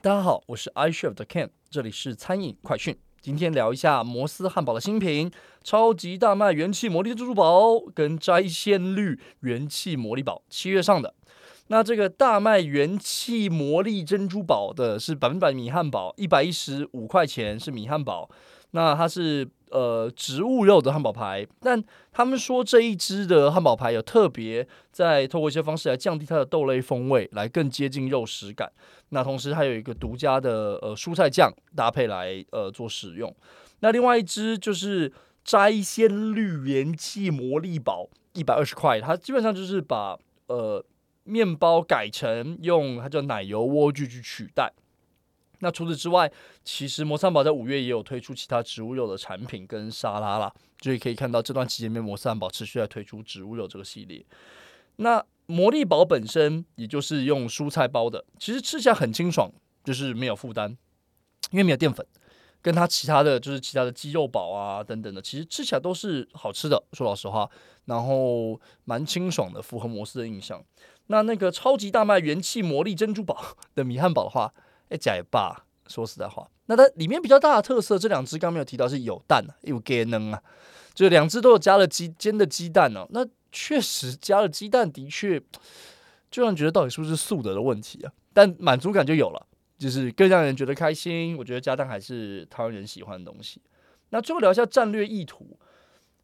大家好，我是 iCHEF 的 Ken，這裡是餐飲快訊。今天聊一下摩斯漢堡的新品——超級大麥元氣摩力珍珠堡，跟摘鮮綠元氣摩力堡，七月上的。那這個大麥元氣魔力珍珠堡的是百分百米漢堡，一百一十五塊錢是米漢堡，那它是呃植物肉的漢堡排，但他們說這一只的漢堡排有特別，在透過一些方式來降低它的豆類風味，來更接近肉食感。那同時還有一個獨家的呃蔬菜醬搭配來呃做使用。那另外一只就是摘鮮綠元氣魔力堡，一百二十塊，它基本上就是把呃。麵包改成用它叫奶油萵苣去取代。那除此之外，其實摩斯堡在五月也有推出其他植物肉的產品跟沙拉啦。所以可以看到，這段期間面摩斯堡持續在推出植物肉這個系列。那摩力堡本身也就是用蔬菜包的，其實吃起來很清爽，就是沒有負擔，因為沒有澱粉。跟它其他的就是其他的雞肉堡啊、等等的，其實吃起來都是好吃的，說老實話，然後蠻清爽的，符合摩斯的印象。那那個超級大麥元氣魔力珍珠堡的米漢堡的話，誒，假也罷，說實在話，那它裡面比較大的特色，這兩隻剛剛沒有提到是有蛋，有給能啊，就兩隻都有加了雞煎的雞蛋哦、啊。那確實加了雞蛋，的確，就讓你覺得到底是不是素的的問題啊？但滿足感就有了。就是更讓人覺得開心，我覺得加蛋還是台灣人喜歡的東西。那最後聊一下戰略意圖，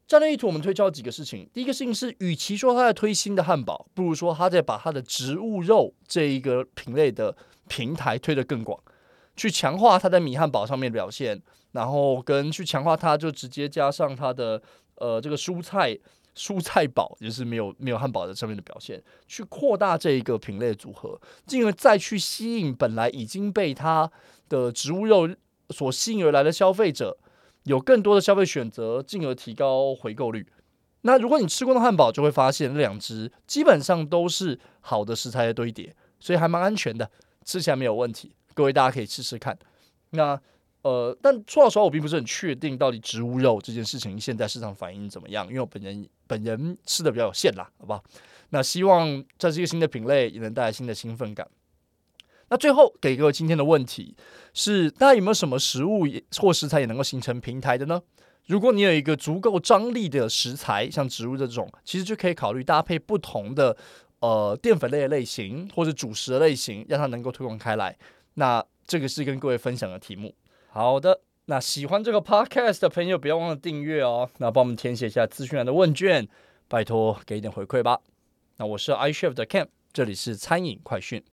戰略意圖我們推敲幾個事情。第一個事情是，與其說他在推新的漢堡，不如說他在把他的植物肉這一個品類的平台推得更廣，去強化他在米漢堡上面的表現，然後跟去強化它就直接加上它的呃這個蔬菜。蔬菜堡，也就是沒有沒有漢堡的上面的表現，去擴大這一個品類的組合，進而再去吸引本來已經被它的植物肉所吸引而來的消費者，有更多的消費選擇，進而提高回購率。那如果你吃過的漢堡，就會發現這兩隻基本上都是好的食材的堆疊，所以還蠻安全的，吃起來沒有問題。各位大家可以試試看。那。呃，但說實話，我並不是很確定到底植物肉這件事情現在市場反應怎麼樣，因為我本人本人吃的比較有限啦，好不好？那希望在這個新的品類，也能帶來新的興奮感。那最後給各位今天的問題是：大家有沒有什麼食物或食材也能夠形成平台的呢？如果你有一個足夠張力的食材，像植物的這種，其實就可以考慮搭配不同的呃澱粉類的類型或者主食的類型，讓它能夠推廣開來。那這個是跟各位分享的題目。好的，那喜歡這個 podcast 的朋友，不要忘了訂閱哦。那幫我們填寫一下資訊欄的問卷，拜托給一點回饋吧。那我是 iChef 的 Ken，這裡是餐飲快訊。